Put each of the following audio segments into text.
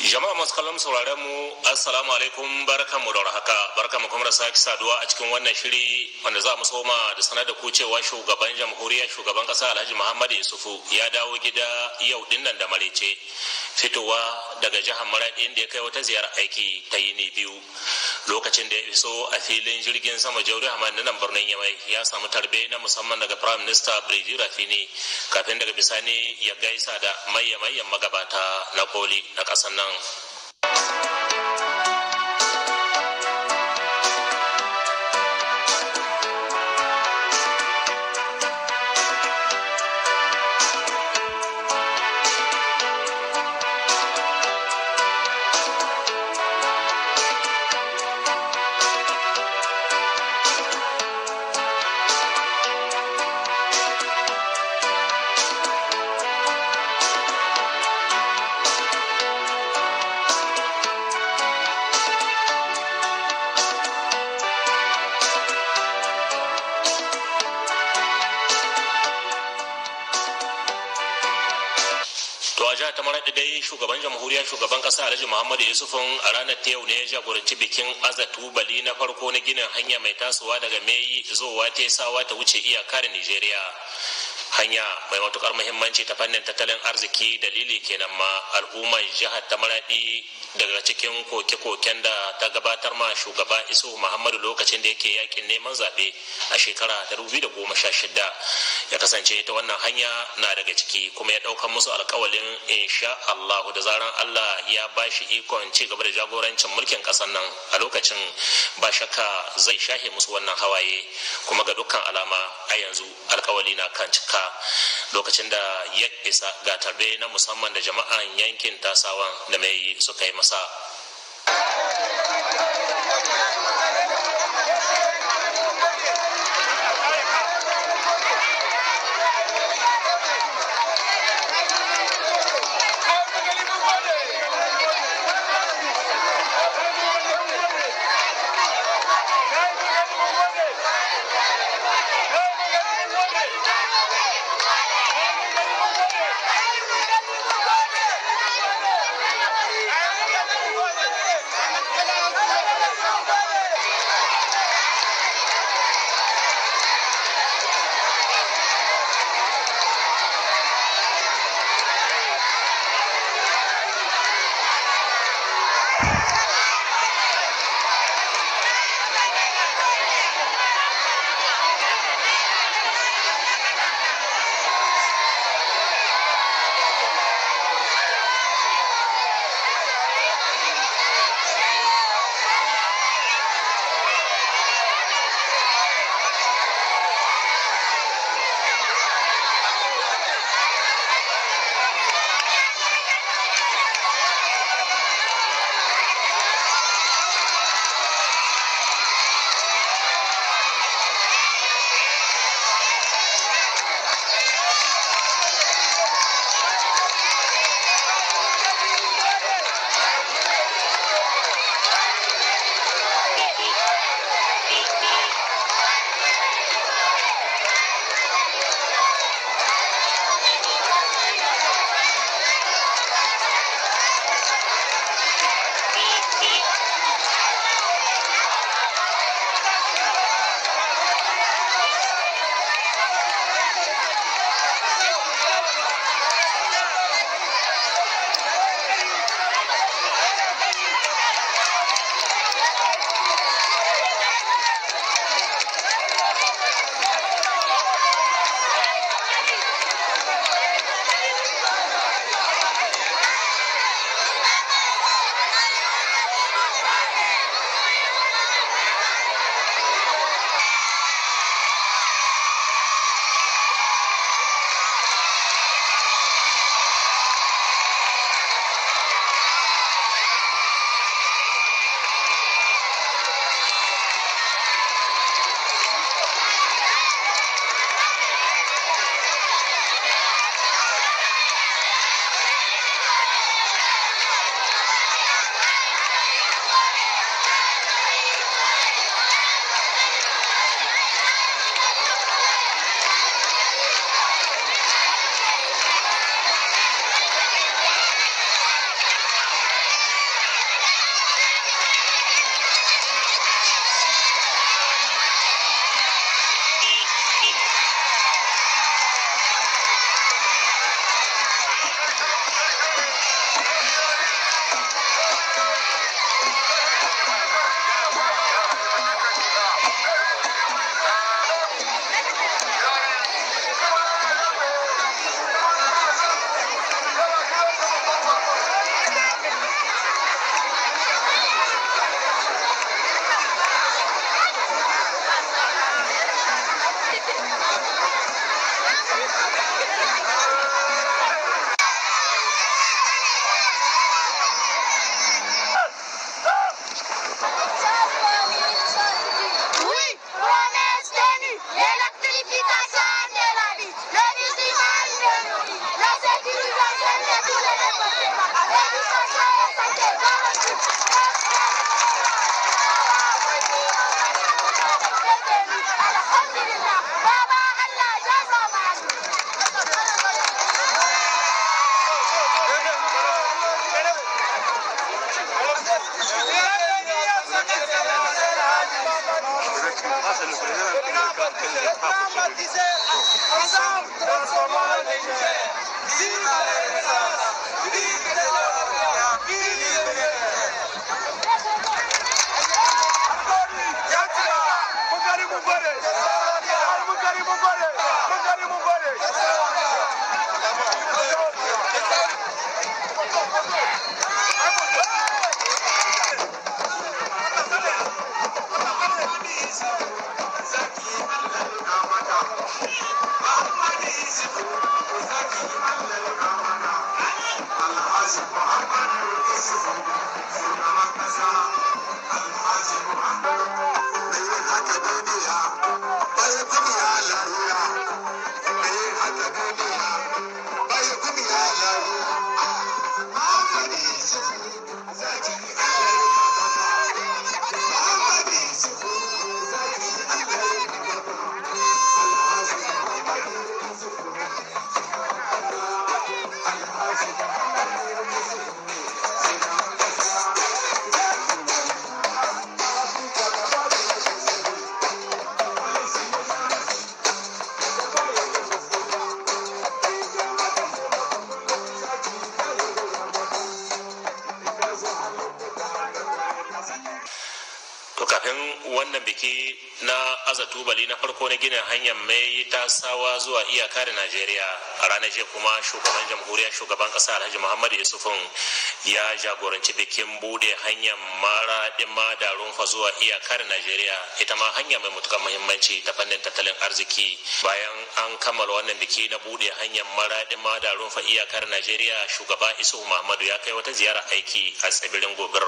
jama'a masu kallon sauraren mu assalamu alaikum barkanmu da warhaka barkanmu kuma da sake saduwa a cikin wannan shiri wanda za mu soma da sanar da ku cewa shugaban jamhuriya shugaban kasa alhaji muhammadu yusufu ya dawo gida yau dinnan da marece fitowa daga jihar maradi inda ya kai wata ziyarar aiki ta yi ne biyu lokacin da ya iso a filin jirgin sama jauri hamad na nan birnin yamai ya samu tarbe na musamman daga prime minister birji rafini kafin daga bisani ya gaisa da mayyamayyan magabata na koli na kasan nan go. jihar ta maraɗi dai shugaban jamhuriyar shugaban ƙasa alhaji muhammadu yusufun a ranar ta yau ne ya jagoranci bikin aza tubali na farko na ginin hanya mai tasowa daga mai zowa ta sawa ta wuce iyakar nijeriya hanya mai matukar muhimmanci ta fannin tattalin arziki dalili kenan ma al'ummar jihar ta maradi daga cikin koke-koken da ta gabatar ma shugaba iso muhammadu lokacin da yake yakin neman zaɓe a shekara ta shida ya kasance ta wannan hanya na daga ciki kuma ya ɗaukar musu alkawalin insha allah da zaran allah ya ba shi ikon ci gaba da jagorancin mulkin ƙasar nan a lokacin ba shakka zai shahe musu wannan hawaye kuma ga dukkan alama a yanzu alkawali na kan cika lokacin da ya isa ga tarbe na musamman da jama'an yankin tasawan da mai suka yi masa Mongolês! Mandarim Mongolês! farko na ginin hanyar mai ta sawa zuwa iyaka da najeriya a ranar jiya kuma shugaban jamhuriya shugaban kasa alhaji muhammadu yusufun ya jagoranci bikin bude hanyar mara ma da rumfa zuwa iyakar najeriya ita ma hanya mai matukar muhimmanci ta fannin tattalin arziki bayan an kammala wannan biki na bude hanyar mara ma da rumfa iyakar najeriya shugaba isu muhammadu ya kai wata ziyara aiki a tsibirin gobir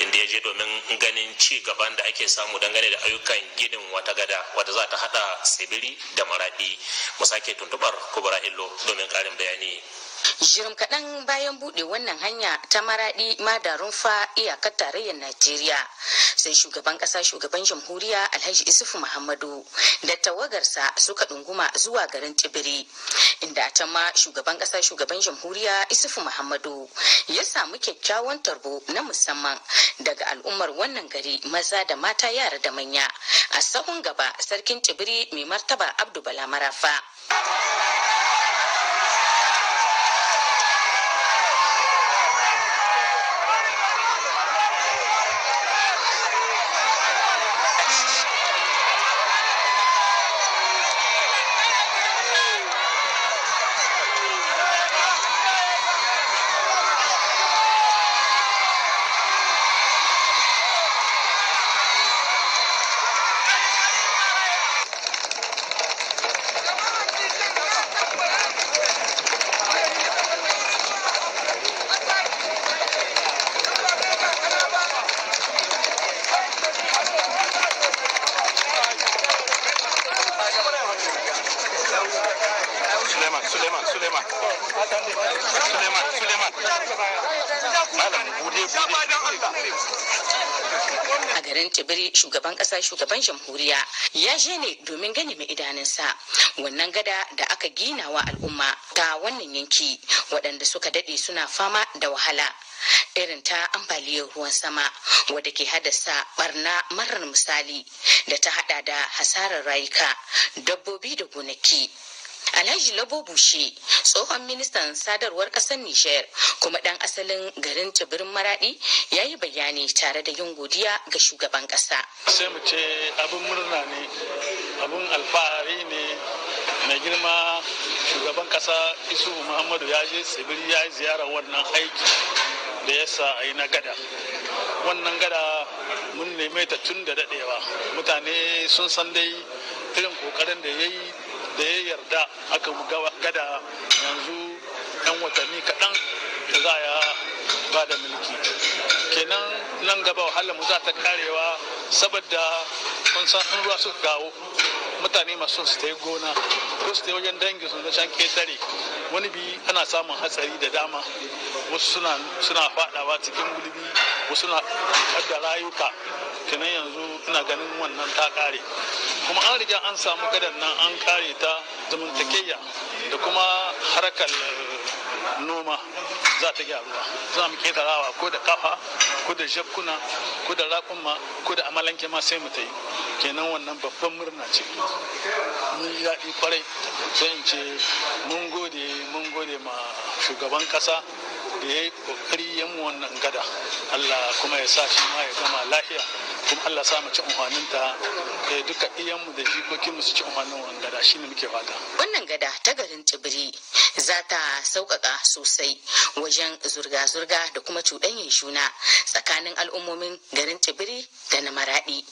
inda ya je domin ganin ci gaban da ake samu dangane da ayyukan ginin wata gada wata za ta hada tsibiri da maradi mu sake tuntubar kubra illo domin karin bayani Shirin kaɗan bayan buɗe wannan hanya ta maradi da rumfa iyakar tarayyar najeriya sai shugaban kasa shugaban jamhuriya alhaji isufu muhammadu da tawagarsa suka ɗunguma zuwa garin tibiri inda ta ma shugaban kasa shugaban jamhuriya isufu muhammadu ya samu kyakkyawan tarbo na musamman daga al'ummar wannan gari maza da mata yara da manya a sahun gaba sarkin tibiri mai martaba abdu bala marafa a garin Tibiri shugaban kasa shugaban jamhuriya ya je ne domin gani mai idanunsa wannan gada da aka gina wa al'umma ta wannan yanki waɗanda suka daɗe suna fama da wahala irin ta ambaliyar ruwan sama wadda ke haddasa barna marar misali da ta hada da hasarar rayuka dabbobi da gonaki Alhaji Labo Bushe tsohon ministan sadarwar ƙasar Nijar kuma ɗan asalin garin Tibirin maraɗi ya yi bayani tare da yin godiya ga shugaban ƙasa. Sai mu ce abin murna ne, abin alfahari ne mai girma shugaban ƙasa Isu Muhammadu ya je tsibiri ya yi ziyara wannan aiki da ya sa a yi na gada. Wannan gada mun neme ta tun da daɗewa mutane sun san dai irin ƙoƙarin da ya yi da ya yarda aka gada yanzu 'yan watanni kaɗan da za ya ba da mulki kenan nan gaba wahala mu za ta karewa saboda kun san in ruwa suka dawo mutane masu su ta yi gona ko su ta yi wajen dangi su can ketare wani bi ana samun hatsari da dama wasu suna fadawa cikin gulbi wasu na kaddara rayuka kenan yanzu ina ganin wannan ta kare kuma an riga an samu gadan nan an kare ta zamantakeya da kuma harkar eh, noma za ta gyaruwa za mu ketarawa ko da kafa ko da jakkuna ko da rakunma ko da amalanke ma sai mu ta yi kenan wannan babban murna ce mun yi daɗi kwarai sai in ce mun gode mun gode ma shugaban ƙasa da ya yi kokari yan wannan gada Allah kuma ya sa shi ma ya gama lafiya kuma Allah sa mu ci umarnin ta da eh, duka iyanmu da mu su ci umarnin wannan gada shi ne muke fata. Wannan gada ta garin Tibiri za ta sauƙaƙa sosai wajen zurga-zurga da kuma cuɗanyin juna tsakanin al'ummomin garin Tibiri da na Maraɗi.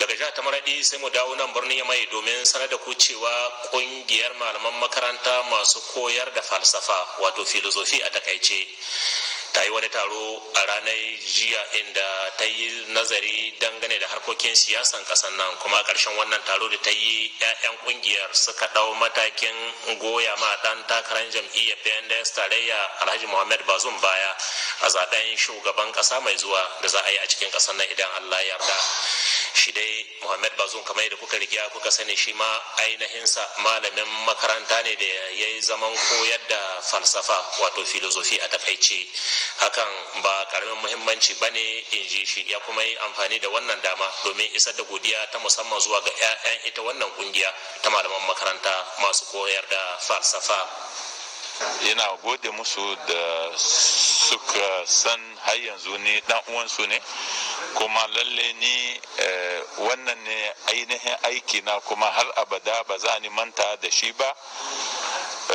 daga jihar tamaradi sai mu dawo nan birnin ya mai domin sanar da ku cewa ƙungiyar malaman makaranta masu koyar da falsafa wato filosofi a takaice ta yi wani taro a ranar jiya inda ta yi nazari dangane da harkokin siyasan kasan nan kuma a ƙarshen wannan taro da ta yi 'ya'yan kungiyar suka ɗau matakin goya ma ɗan takarar jam'iyyar pnds tarayya alhaji muhammad bazum baya a zaɓen shugaban ƙasa mai zuwa da za a yi a cikin ƙasar nan idan allah ya yarda shi dai muhammad bazum kamar yadda kuka riga kuka sani shi ma ainihinsa malamin makaranta ne da ya yi zaman koyar da falsafa wato filozofi a takaice hakan ba karamin muhimmanci ba ne in ji shi ya kuma yi amfani da wannan dama domin isar da godiya ta musamman zuwa ga 'ya'yan ita wannan kungiya ta malaman makaranta masu koyar da falsafa yana gode musu da suka san har yanzu ne dan uwansu ne kuma lalle ni eh, wannan ne ainihin aiki na kuma har abada ba za ni manta da shi ba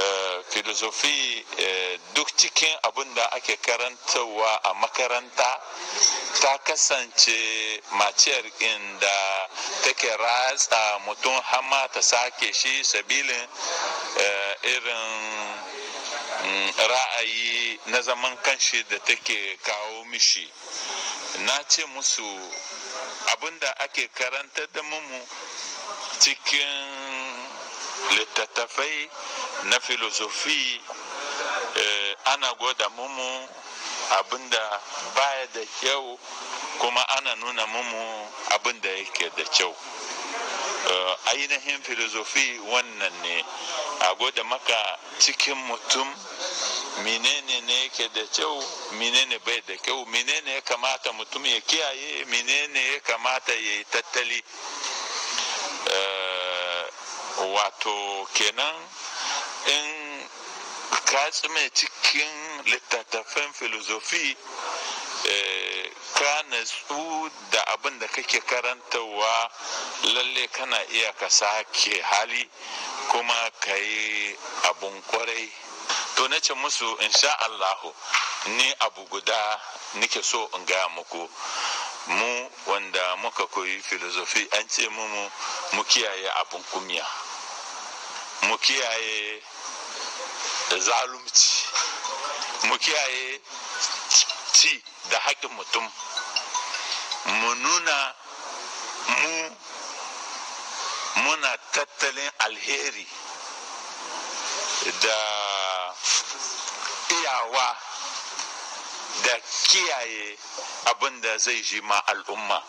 eh, filosofi eh, duk cikin abin da ake karantarwa a makaranta ta kasance maciyar inda take ratsa mutum hama ta sake shi sabilin irin Mm, ra'ayi na zaman kanshi da take kawo mishi na ce musu abinda ake karanta da mumu cikin littattafai na filosofi eh, ana goda mumu abinda baya da kyau kuma ana nuna mumu abinda yake da kyau eh, ainihin filosofi wannan ne a goda maka cikin mutum menene ne yake da kyau menene bai da kyau menene ya kamata mutum ya kiyaye menene ya kamata ya yi tattali eh, wato kenan in ka tsime cikin littattafan filozofi eh, ka natsu da abin da kake karantawa lalle kana iya ka sake hali kuma ka yi abun kwarai to na ce musu insha allahu ni abu guda nike so in gaya muku mu wanda muka koyi filozofi an ce mu mu kiyaye abun kumya mu kiyaye zalunci mu kiyaye ci da haƙin mutum mu nuna mu muna tattalin alheri da iyawa da kiyaye abin da zai ji ma al'umma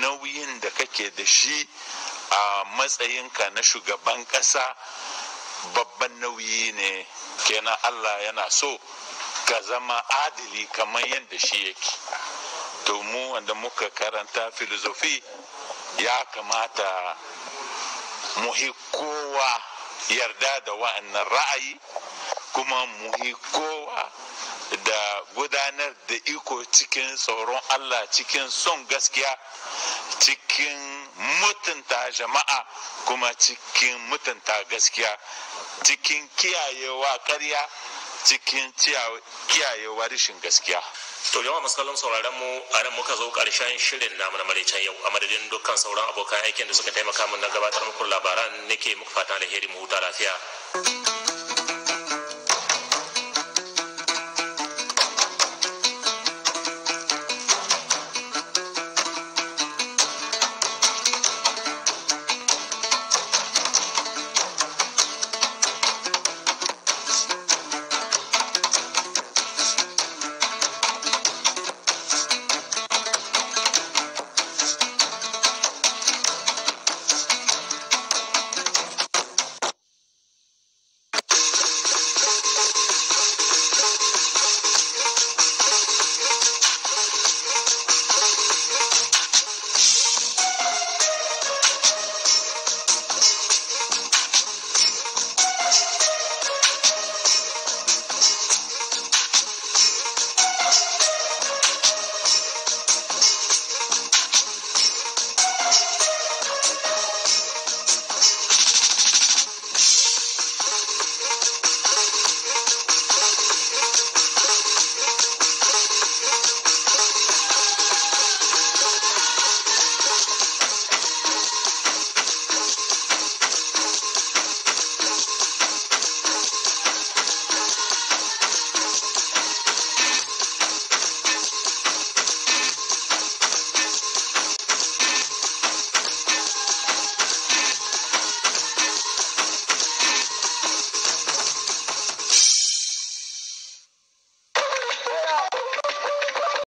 nauyin da kake da shi a matsayinka na shugaban ƙasa babban nauyi ne kenan allah yana so ka zama adili kamar yadda shi yake to mu wanda muka karanta filozofi ya kamata muhi kowa yarda da wa'annan ra'ayi kuma muhi kowa da gudanar da iko cikin tsoron Allah cikin son gaskiya cikin mutunta jama'a kuma cikin mutunta gaskiya cikin kiyayewa karya cikin kiyayewa rashin gaskiya to jama'a masu sauraron mu a nan muka zo karshen shirin namu na maraicen yau a madadin dukkan sauran abokan aikin da suka taimaka mun na gabatar muku labaran nake muku fatan alheri mu huta lafiya